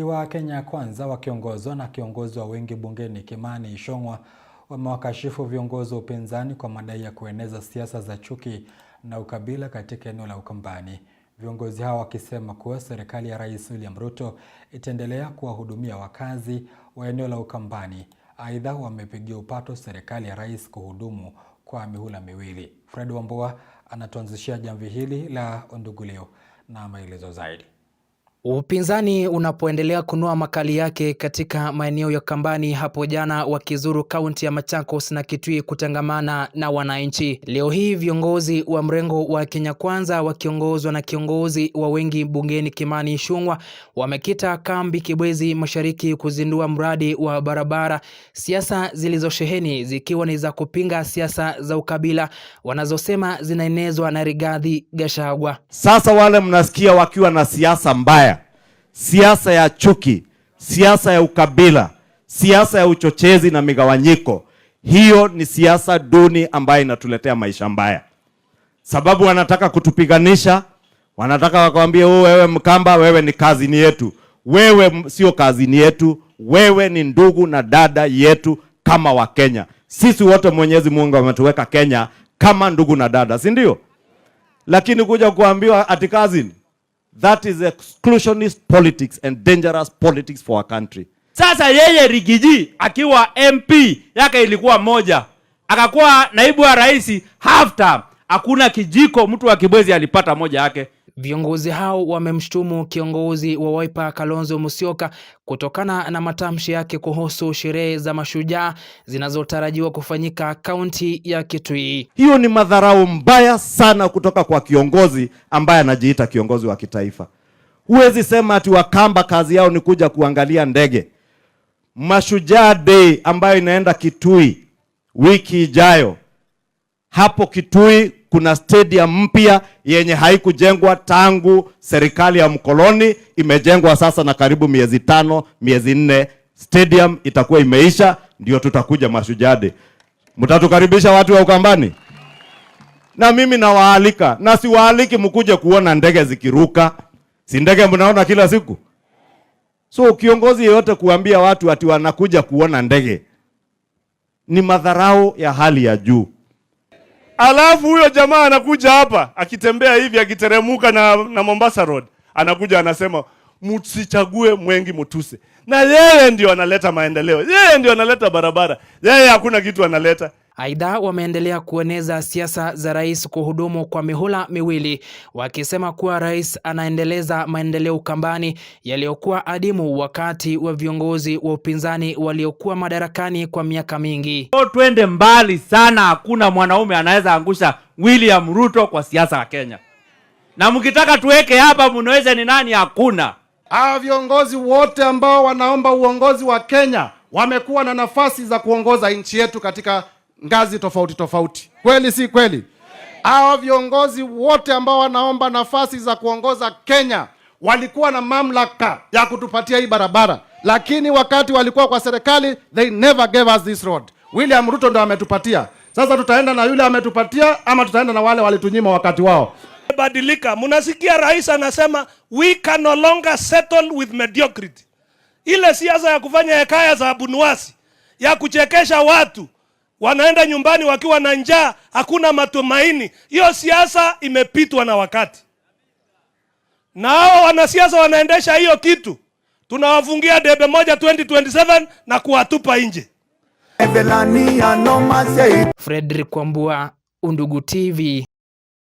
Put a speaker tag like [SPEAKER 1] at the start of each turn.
[SPEAKER 1] wa Kenya Kwanza wakiongozwa na kiongozi wa wengi bungeni Kimani Ichung'wa wamewakashifu viongozi wa upinzani kwa madai ya kueneza siasa za chuki na ukabila katika eneo la Ukambani. Viongozi hao wakisema kuwa serikali ya Rais William Ruto itaendelea kuwahudumia wakazi wa eneo la Ukambani. Aidha, wamepigia upato serikali ya rais kuhudumu kwa mihula miwili. Fred Wambua anatuanzishia jamvi hili la Undugu Leo na maelezo zaidi.
[SPEAKER 2] Upinzani unapoendelea kunua makali yake katika maeneo ya Kambani hapo jana wakizuru kaunti ya Machakos na Kitui kutangamana na wananchi. Leo hii viongozi wa mrengo wa Kenya Kwanza wakiongozwa na kiongozi wa wengi bungeni Kimani shungwa wamekita kambi Kibwezi Mashariki kuzindua mradi wa barabara, siasa zilizosheheni zikiwa ni za kupinga siasa za ukabila wanazosema zinaenezwa na Rigathi Gachagua.
[SPEAKER 3] Sasa wale mnasikia wakiwa na siasa mbaya siasa ya chuki, siasa ya ukabila, siasa ya uchochezi na migawanyiko. Hiyo ni siasa duni ambayo inatuletea maisha mbaya, sababu wanataka kutupiganisha, wanataka wakwambie, oh, wewe Mkamba, wewe ni kazini yetu. Wewe sio kazini yetu, wewe ni ndugu na dada yetu kama Wakenya. Sisi wote Mwenyezi Mungu ametuweka Kenya kama ndugu na dada, si ndio? Lakini kuja kuambiwa ati kazini That is exclusionist politics and dangerous politics for our country. Sasa yeye Rigiji akiwa MP yake ilikuwa moja, akakuwa naibu wa rais half term, hakuna kijiko mtu wa Kibwezi alipata moja yake.
[SPEAKER 2] Viongozi hao wamemshtumu kiongozi wa Wiper Kalonzo Musyoka kutokana na matamshi yake kuhusu sherehe za mashujaa zinazotarajiwa kufanyika kaunti ya Kitui.
[SPEAKER 3] Hiyo ni madharau mbaya sana kutoka kwa kiongozi ambaye anajiita kiongozi wa kitaifa. Huwezi sema ati Wakamba kazi yao ni kuja kuangalia ndege. Mashujaa Day ambayo inaenda Kitui wiki ijayo hapo Kitui kuna stadium mpya yenye haikujengwa tangu serikali ya mkoloni, imejengwa sasa na karibu miezi tano miezi nne, stadium itakuwa imeisha, ndio tutakuja Mashujade. Mtatukaribisha watu wa Ukambani, na mimi nawaalika na siwaaliki mkuje kuona ndege zikiruka, si ndege mnaona kila siku. So kiongozi yeyote kuambia watu ati wanakuja kuona ndege ni madharau ya hali ya juu. Alafu huyo jamaa anakuja hapa akitembea hivi akiteremuka na, na Mombasa Road anakuja anasema msichague Mwengi Mutuse, na yeye ndio analeta maendeleo, yeye ndio analeta barabara, yeye hakuna kitu analeta.
[SPEAKER 2] Aidha, wameendelea kueneza siasa za rais kuhudumu kwa mihula miwili, wakisema kuwa rais anaendeleza maendeleo kambani yaliyokuwa adimu wakati wa viongozi wa upinzani waliokuwa madarakani kwa miaka mingi.
[SPEAKER 3] O, twende mbali sana, hakuna mwanaume anaweza angusha William Ruto kwa siasa ya Kenya, na mkitaka tuweke hapa mnaweza ni nani? Hakuna. Hawa viongozi wote ambao wanaomba uongozi wa Kenya wamekuwa na nafasi za kuongoza nchi yetu katika ngazi tofauti tofauti. Kweli si kweli? Hawa viongozi wote ambao wanaomba nafasi za kuongoza Kenya walikuwa na mamlaka ya kutupatia hii barabara, lakini wakati walikuwa kwa serikali they never gave us this road. William Ruto ndo ametupatia. Sasa tutaenda na yule ametupatia ama tutaenda na wale walitunyima wakati wao?
[SPEAKER 4] Badilika. Mnasikia rais anasema we can no longer settle with mediocrity. Ile siasa ya kufanya hekaya za abunuwasi ya kuchekesha watu wanaenda nyumbani wakiwa na njaa, hakuna matumaini. Hiyo siasa imepitwa na wakati, na hao wanasiasa wanaendesha hiyo kitu. Tunawafungia debe moja 2027 na kuwatupa nje.
[SPEAKER 2] Fredrick Kwambua, Undugu TV.